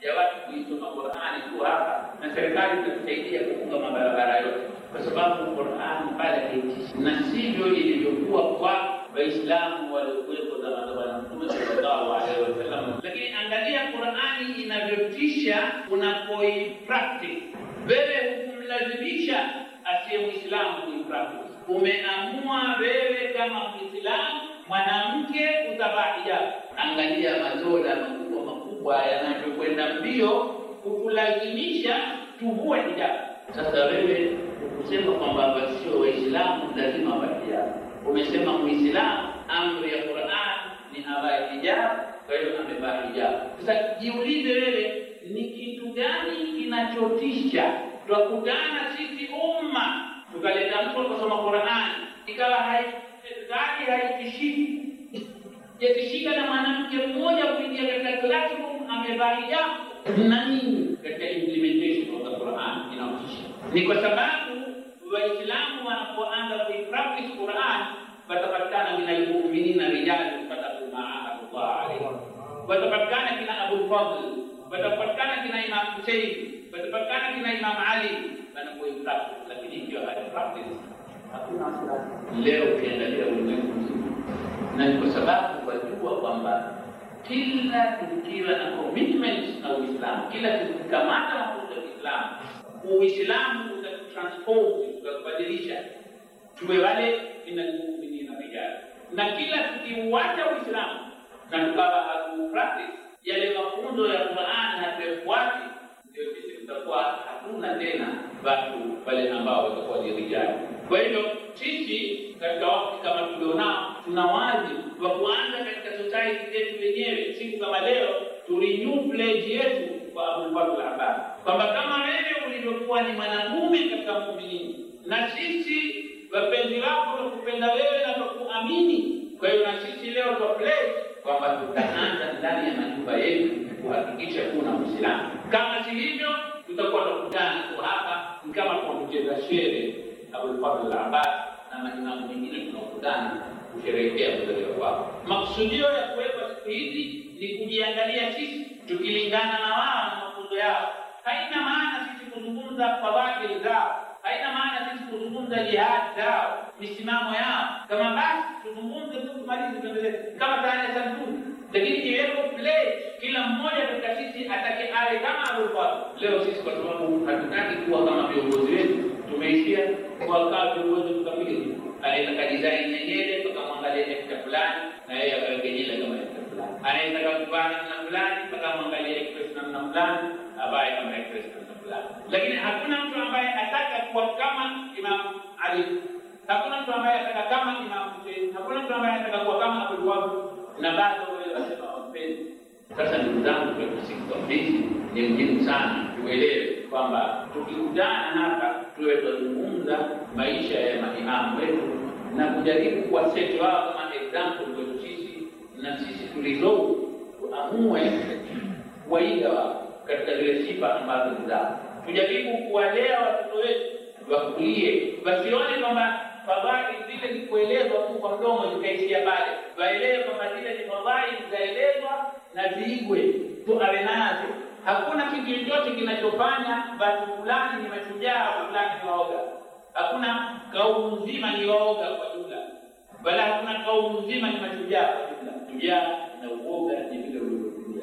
ya watu kuisoma Qurani tu hapa, na serikali itatusaidia kufunga mabarabara yote, kwa sababu Qurani pale haitishi, na sivyo ilivyokuwa kwa Waislamu waliokuwepo zamani za Mtume sallallahu alaihi wasallam. Lakini angalia Qurani inavyotisha unapoipractice wewe kumlazimisha asiye Muislamu kuislamu. Umeamua wewe kama Muislamu mwanamke utavaa hijabu. Angalia madola makubwa makubwa yanavyokwenda mbio kukulazimisha tuvue hijabu. Sasa wewe ukusema kwamba sio Waislamu lazima watiabu, umesema Muislamu amri ya Qur'an ni avae hijabu, kwa hiyo amevaa hijabu. Sasa jiulize wewe, ni kitu gani kinachotisha tukakutana sisi umma tukaleta mtu akasoma Qur'an, ikawa haidhani haitishiki yatishika na mwanamke mmoja kuingia katika classroom amevalia na nini katika implementation of the Qur'an inaotisha. Ni kwa sababu Waislamu wanapoanza kuipractice Qur'an watapatikana min almu'minina rijalu sadaqu ma ahadullah alayhi, watapatikana kina Abul Fadl, watapatikana kina Imam Hussein patikana kina Imam Ali wanapoitafu, lakini ikiwa haipractice hakuna leo. Ukiangalia ulimwengu mzima, na ni kwa sababu wajua kwamba kila tukiwa na commitment na uislam kila tukikamata mafunzo ya Uislamu, Uislamu oh, utatutransform utakubadilisha tuwe wale minalmuminina rijali, na kila tukiuacha Uislamu na tukawa hatupractice yale mafunzo ya Qur'an hatuyafuati ndio itakuwa hakuna tena watu wale ambao watakuwa ni rijali. Kwa hivyo sisi katika wakati kama tulionao, tuna wajibu wa kuanza katika society yetu wenyewe. Siku kama leo tulinew pledge yetu kwa Abu Bakr Abbas kwamba kama wewe ulivyokuwa ni mwanamume katika muumini, na sisi wapenzi wako kupenda wewe na tunakuamini. Kwa hiyo na sisi leo kwa pledge kwamba tutaanza ndani ya majumba yetu kuhakikisha kuna Uislamu. Kama si hivyo tutakuwa tunakutana tu hapa, ni kama tunacheza sherehe Abulfadhl Abbas na maimamu mengine tunakutana kusherehekea kuzaliwa kwao. Makusudio ya kuwekwa siku hizi ni kujiangalia sisi tukilingana na wao mafunzo yao. Haina maana sisi kuzungumza fadhili zao, haina maana sisi kuzungumza jihadi zao, misimamo yao. Kama basi tuzungumze tu, tumalize, tuendelee kama tarehe sabuni lakini iwepo play, kila mmoja katika sisi atake awe kama alivyokuwa leo. Sisi kwa sababu hatutaki kuwa kama viongozi wetu, tumeishia kwa kama viongozi tukamili, anaweza kajizaini nyenyele tukamwangalia dakika fulani, na yeye akaweke nywele kama dakika fulani, anaweza kavaa namna fulani, tukamwangalia express namna fulani, avae kama express namna fulani. Lakini hakuna mtu ambaye ataka kuwa kama Imam Ali, hakuna mtu ambaye ataka kama Imam Hussein, hakuna mtu ambaye ataka kuwa kama Abdul Wahab na bado wewe wasema wapenzi. Sasa ndugu zangu, kwetu sisi ni muhimu sana tuelewe kwamba tukikutana hapa tuwe tunazungumza maisha ya maimamu wetu na kujaribu seti wao kama example kwetu sisi, na sisi tulizou tuamue kuwaiga wao katika zile sifa ambazo ni zao. Tujaribu kuwalea watoto wetu wakulie, wasione kwamba fadhai zile ni kuelezwa tu kwa mdomo zikaishia pale, waelewe kwamba zile ni fadhai zaelezwa na ziigwe tu, awe nazo. Hakuna kitu chochote kinachofanya watu fulani ni mashujaa, fulani ni waoga. Hakuna kaumu nzima ni waoga kwa jumla, wala hakuna kaumu nzima ni mashujaa kwa jumla. Shujaa na uoga ni vile ulivyokuja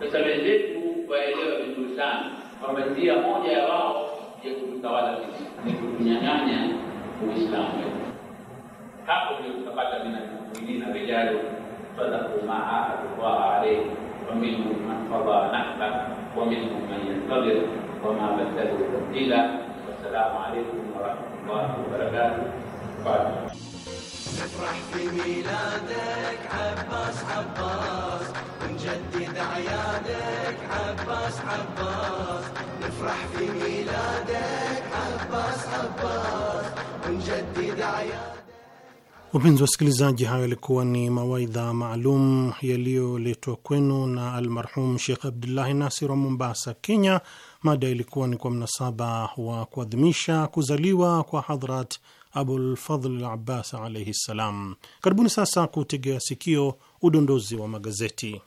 Sasa wenzetu waelewa vizuri sana kwamba njia moja ya wao ya kututawala sisi ni kutunyang'anya وإسلام غيره حقق يتقدم من المؤمنين رجال صدقوا ما عاهدوا الله عليه ومنهم من قضى نحبه ومنهم من ينتظر وما بدلوا تبديلا والسلام عليكم ورحمة الله وبركاته فاتح. تفرح في ميلادك عباس عباس جدد عيادك عباس عباس نفرح في ميلادك عباس عباس ونجدد عيادك Wapenzi wasikilizaji, hayo yalikuwa ni mawaidha maalum yaliyoletwa kwenu na almarhum Shekh Abdullahi Nasir wa Mombasa, Kenya. Mada ilikuwa ni kwa mnasaba wa kuadhimisha kuzaliwa kwa Hadhrat Abulfadhl Abbas alaihi ssalam. Karibuni sasa kutegea sikio udondozi wa magazeti.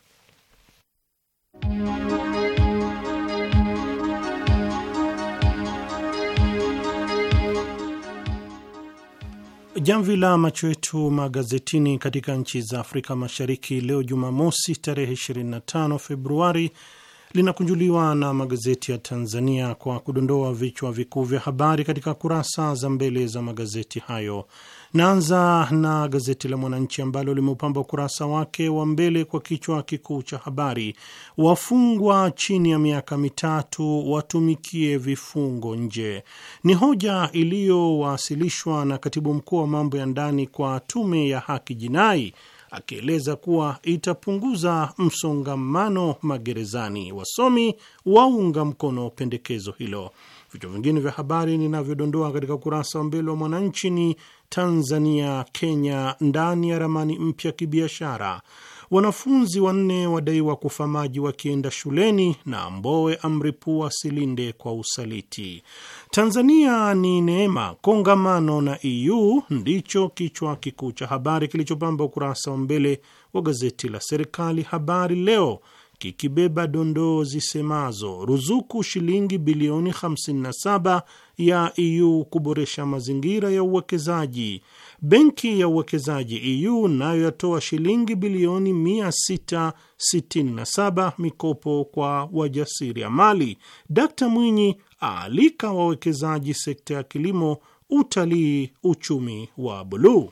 Jamvi la macho yetu magazetini katika nchi za Afrika Mashariki leo Jumamosi tarehe 25 Februari linakunjuliwa na magazeti ya Tanzania kwa kudondoa vichwa vikuu vya habari katika kurasa za mbele za magazeti hayo. Naanza na gazeti la Mwananchi ambalo limeupamba ukurasa wake wa mbele kwa kichwa kikuu cha habari, wafungwa chini ya miaka mitatu watumikie vifungo nje. Ni hoja iliyowasilishwa na katibu mkuu wa mambo ya ndani kwa Tume ya Haki Jinai akieleza kuwa itapunguza msongamano magerezani. Wasomi waunga mkono pendekezo hilo. Vichwa vingine vya habari ninavyodondoa katika ukurasa wa mbele wa Mwananchi ni Tanzania Kenya ndani ya ramani mpya kibiashara wanafunzi wanne wadaiwa kufa maji wakienda shuleni, na Mbowe amripua Silinde kwa usaliti. Tanzania ni neema, kongamano na EU ndicho kichwa kikuu cha habari kilichopamba ukurasa wa mbele wa gazeti la serikali Habari Leo, kikibeba dondoo zisemazo ruzuku shilingi bilioni 57 ya EU kuboresha mazingira ya uwekezaji, Benki ya Uwekezaji EU nayo yatoa shilingi bilioni 667 mikopo kwa wajasiriamali. Dkt Mwinyi aalika wawekezaji sekta ya kilimo, utalii, uchumi wa buluu.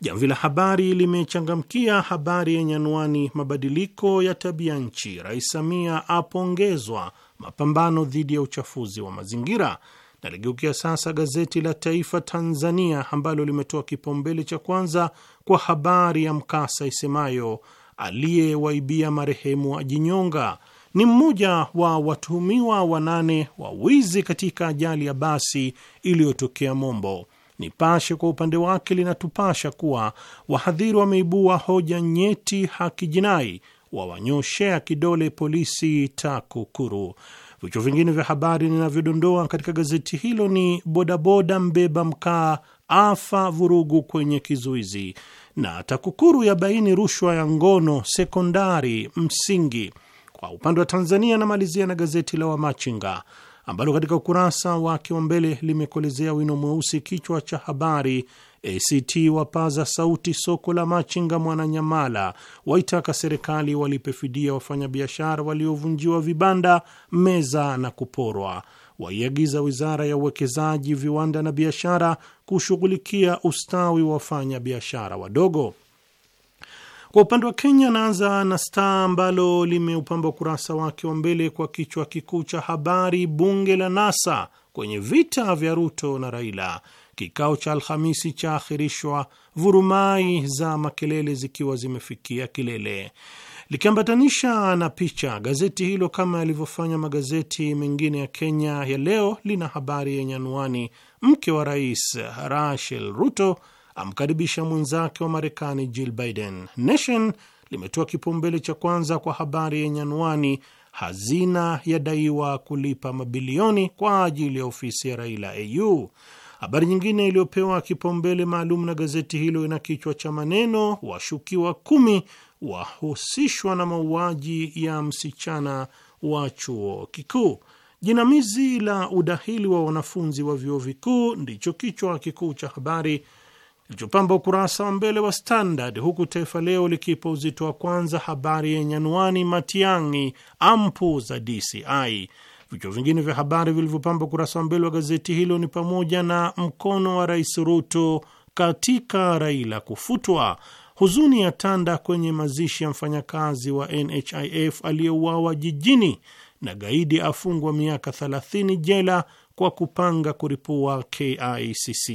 Jamvi la Habari limechangamkia habari yenye anwani mabadiliko ya tabia nchi, Rais Samia apongezwa mapambano dhidi ya uchafuzi wa mazingira. Naligeukia sasa gazeti la Taifa Tanzania ambalo limetoa kipaumbele cha kwanza kwa habari ya mkasa isemayo aliyewaibia marehemu ajinyonga. Ni mmoja wa watuhumiwa wanane wa wizi katika ajali ya basi iliyotokea Mombo. Nipashe kwa upande wake linatupasha kuwa wahadhiri wameibua hoja nyeti haki jinai, wawanyoshea kidole polisi TAKUKURU. Vichwa vingine vya habari ninavyodondoa katika gazeti hilo ni bodaboda mbeba mkaa afa vurugu kwenye kizuizi, na TAKUKURU ya baini rushwa ya ngono sekondari msingi. Kwa upande wa Tanzania namalizia na gazeti la Wamachinga ambalo katika ukurasa wake wa mbele limekolezea wino mweusi kichwa cha habari ACT wapaza sauti soko la machinga Mwananyamala, waitaka serikali walipe fidia wafanyabiashara waliovunjiwa vibanda, meza na kuporwa, waiagiza wizara ya uwekezaji, viwanda na biashara kushughulikia ustawi wa wafanyabiashara wadogo. Kwa upande wa Kenya, naanza na Star ambalo limeupamba ukurasa wake wa mbele kwa kichwa kikuu cha habari, bunge la NASA kwenye vita vya Ruto na Raila, kikao cha Alhamisi cha ahirishwa vurumai za makelele zikiwa zimefikia kilele. Likiambatanisha na picha, gazeti hilo kama yalivyofanya magazeti mengine ya Kenya ya leo, lina habari yenye anwani mke wa rais Rachel Ruto amkaribisha mwenzake wa Marekani Jill Biden. Nation limetoa kipaumbele cha kwanza kwa habari yenye anwani hazina yadaiwa kulipa mabilioni kwa ajili ya ofisi ya Raila au Habari nyingine iliyopewa kipaumbele maalum na gazeti hilo ina kichwa cha maneno washukiwa kumi wahusishwa na mauaji ya msichana wa chuo kikuu. Jinamizi la udahili wa wanafunzi wa vyuo vikuu ndicho kichwa kikuu cha habari kilichopamba ukurasa wa mbele wa Standard, huku Taifa Leo likipa uzito wa kwanza habari yenye anwani Matiang'i ampu za DCI. Vichwa vingine vya habari vilivyopamba ukurasa wa mbele wa gazeti hilo ni pamoja na mkono wa Rais Ruto katika Raila kufutwa, huzuni ya tanda kwenye mazishi ya mfanyakazi wa NHIF aliyeuawa jijini, na gaidi afungwa miaka 30 jela kwa kupanga kuripua KICC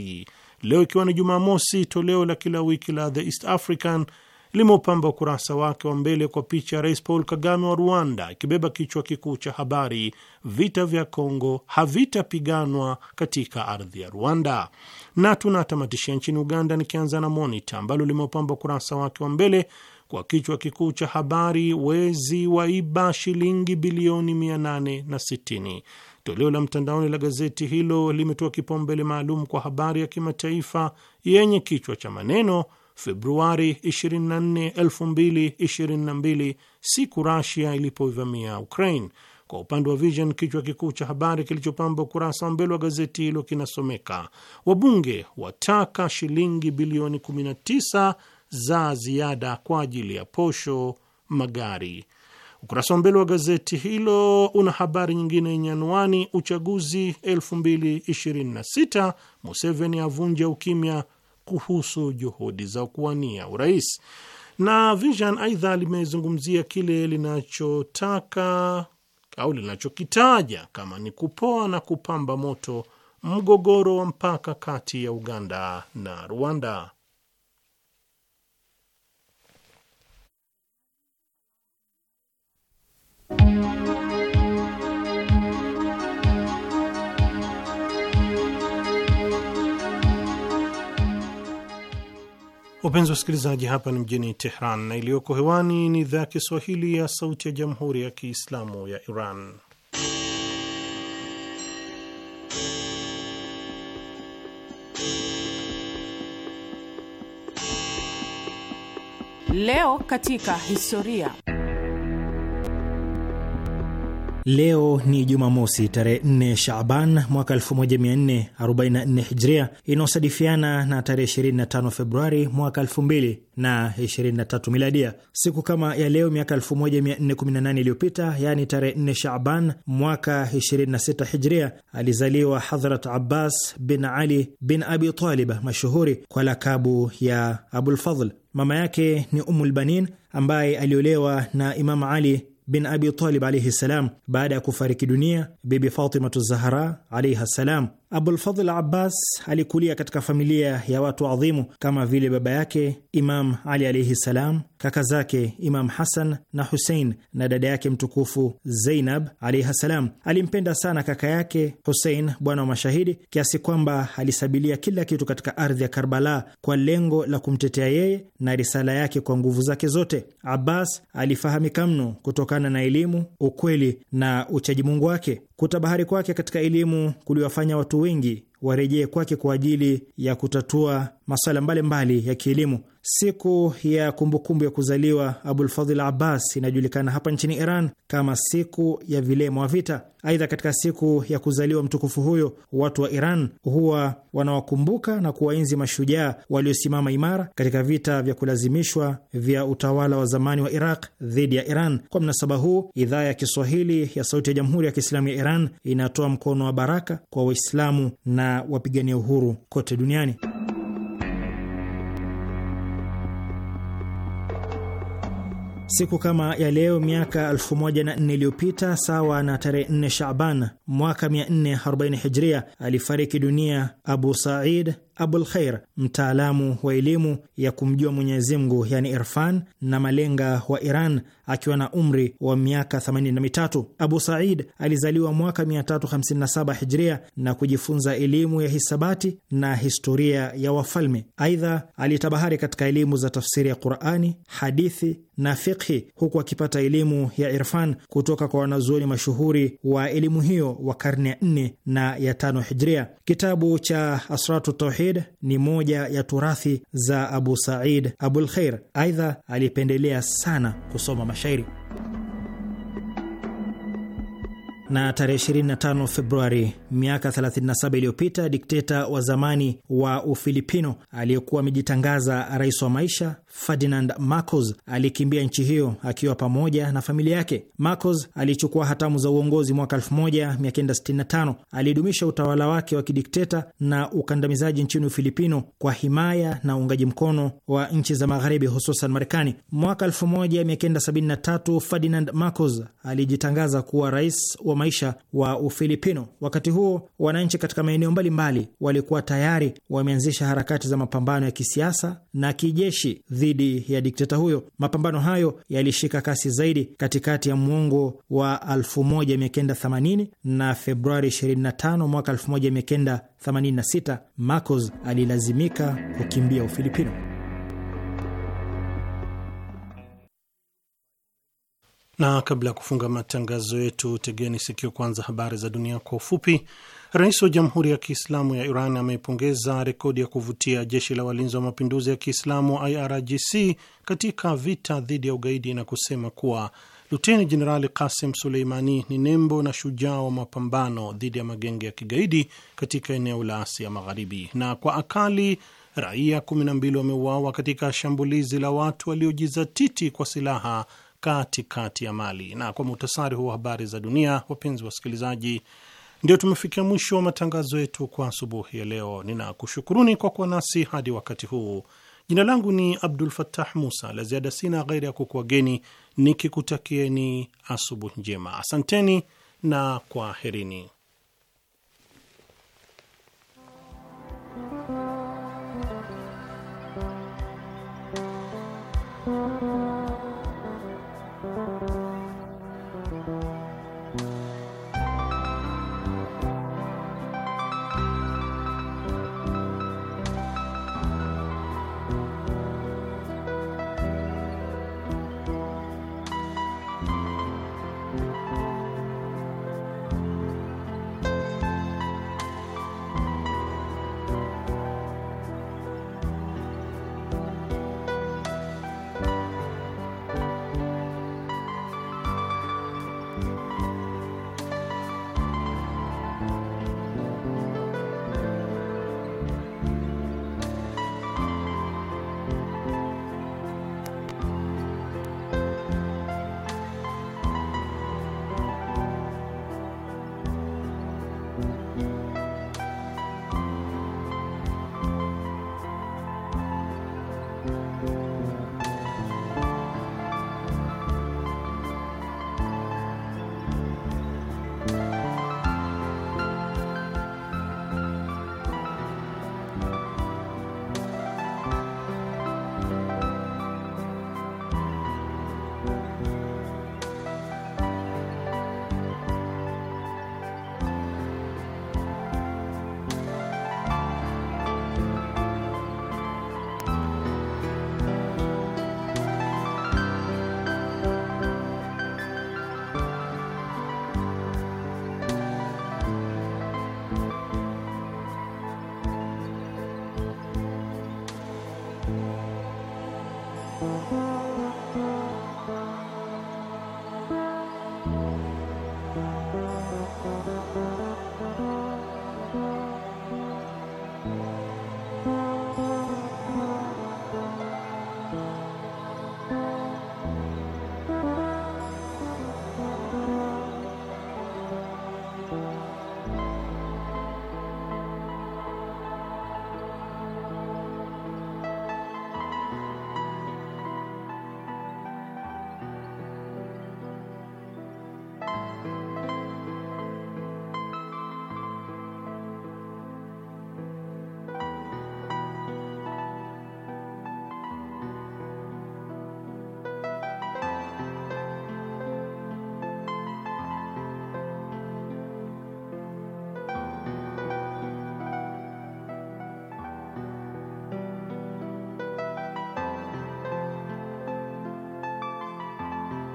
leo ikiwa ni Jumamosi, toleo la kila wiki la The East African limeupamba ukurasa wake wa mbele kwa picha ya Rais Paul Kagame wa Rwanda, ikibeba kichwa kikuu cha habari, vita vya Kongo havitapiganwa katika ardhi ya Rwanda. Na tunatamatishia nchini Uganda, nikianza na Monita ambalo limeupamba ukurasa wake wa mbele kwa kichwa kikuu cha habari, wezi waiba shilingi bilioni 860. Toleo la mtandaoni la gazeti hilo limetoa kipaumbele maalum kwa habari ya kimataifa yenye kichwa cha maneno Februari 24, 2022 siku Russia ilipovamia Ukraine. Kwa upande wa Vision, kichwa kikuu cha habari kilichopamba ukurasa wa mbele wa gazeti hilo kinasomeka wabunge wataka shilingi bilioni 19 za ziada kwa ajili ya posho magari Ukurasa wa mbele wa gazeti hilo una habari nyingine yenye anwani uchaguzi 2026 Museveni avunja ukimya kuhusu juhudi za kuwania urais. Na Vision aidha limezungumzia kile linachotaka au linachokitaja kama ni kupoa na kupamba moto mgogoro wa mpaka kati ya Uganda na Rwanda. Wapenzi wasikilizaji, hapa ni mjini Tehran na iliyoko hewani ni idhaa ya Kiswahili ya Sauti ya Jamhuri ya Kiislamu ya Iran. Leo katika historia Leo ni Jumamosi tarehe 4 Shaban mwaka 1444 Hijria, inayosadifiana na tarehe 25 Februari mwaka 2023 Miladia. Siku kama ya leo miaka 1418 iliyopita, yaani tarehe 4 Shaban mwaka 26 Hijria, alizaliwa Hadhrat Abbas bin Ali bin Abi Talib, mashuhuri kwa lakabu ya abulfadl Mama yake ni Ummulbanin ambaye aliolewa na Imam Ali bin Abi Talib alaihi ssalam baada ya kufariki dunia Bibi Fatimatu Zahra alaiha ssalam. Abulfadhl Abbas alikulia katika familia ya watu adhimu kama vile baba yake Imam Ali alaihi salam, kaka zake Imam Hasan na Husein na dada yake mtukufu Zeinab alaihi salam. Alimpenda sana kaka yake Husein, bwana wa mashahidi, kiasi kwamba alisabilia kila kitu katika ardhi ya Karbala kwa lengo la kumtetea yeye na risala yake kwa nguvu zake zote. Abbas alifahamika mno kutokana na elimu, ukweli na uchaji Mungu wake. Kutabahari kwake katika elimu kuliwafanya watu wengi warejee kwake kwa ajili ya kutatua masuala mbalimbali ya kielimu. Siku ya kumbukumbu kumbu ya kuzaliwa Abulfadhil Abbas inajulikana hapa nchini Iran kama siku ya vilema wa vita. Aidha, katika siku ya kuzaliwa mtukufu huyo, watu wa Iran huwa wanawakumbuka na kuwaenzi mashujaa waliosimama imara katika vita vya kulazimishwa vya utawala wa zamani wa Iraq dhidi ya Iran. Kwa mnasaba huu, idhaa ya Kiswahili ya Sauti ya Jamhuri ya Kiislamu ya Iran inatoa mkono wa baraka kwa Waislamu na wapigania uhuru kote duniani. Siku kama ya leo miaka 14 iliyopita sawa na tarehe 4 Shaban mwaka 440 Hijria alifariki dunia Abu Said Abul Khair, mtaalamu wa elimu ya kumjua Mwenyezi Mungu, yani irfan na malenga wa Iran, akiwa na umri wa miaka 83. Abu Said alizaliwa mwaka 357 Hijria na kujifunza elimu ya hisabati na historia ya wafalme. Aidha, alitabahari katika elimu za tafsiri ya Qurani, hadithi na fikhi, huku akipata elimu ya irfan kutoka kwa wanazuoni mashuhuri wa elimu hiyo wa karne ya 4 na ya 5 Hijria. Kitabu cha Asratu Tawhid Said ni moja ya turathi za Abu Said Abul Khair. Aidha, alipendelea sana kusoma mashairi na tarehe 25 Februari miaka 37 iliyopita dikteta wa zamani wa Ufilipino aliyekuwa amejitangaza rais wa maisha Ferdinand Marcos alikimbia nchi hiyo akiwa pamoja na familia yake. Marcos alichukua hatamu za uongozi mwaka 1965. Alidumisha utawala wake wa kidikteta na ukandamizaji nchini Ufilipino kwa himaya na uungaji mkono wa nchi za Magharibi, hususan Marekani. Mwaka 1973 Ferdinand Marcos alijitangaza kuwa rais wa maisha wa Ufilipino. Wakati huo wananchi katika maeneo mbalimbali walikuwa tayari wameanzisha harakati za mapambano ya kisiasa na kijeshi dhidi ya dikteta huyo. Mapambano hayo yalishika kasi zaidi katikati ya mwongo wa 1980 na Februari 25 mwaka 1986 Marcos alilazimika kukimbia Ufilipino. Na kabla ya kufunga matangazo yetu, tegeni sikio kwanza habari za dunia kwa ufupi. Rais wa Jamhuri ya Kiislamu ya Iran amepongeza rekodi ya kuvutia jeshi la walinzi wa mapinduzi ya Kiislamu IRGC katika vita dhidi ya ugaidi na kusema kuwa Luteni Jenerali Kasim Suleimani ni nembo na shujaa wa mapambano dhidi ya magenge ya kigaidi katika eneo la Asia Magharibi. Na kwa akali raia 12 wameuawa katika shambulizi la watu waliojizatiti kwa silaha katikati kati ya Mali. Na kwa muhtasari huu habari za dunia, wapenzi wasikilizaji, ndio tumefikia mwisho wa matangazo yetu kwa asubuhi ya leo. Ninakushukuruni kwa kuwa nasi hadi wakati huu. Jina langu ni Abdul Fattah Musa. La ziada sina ghairi ya kukuageni nikikutakieni asubuhi njema. Asanteni na kwaherini.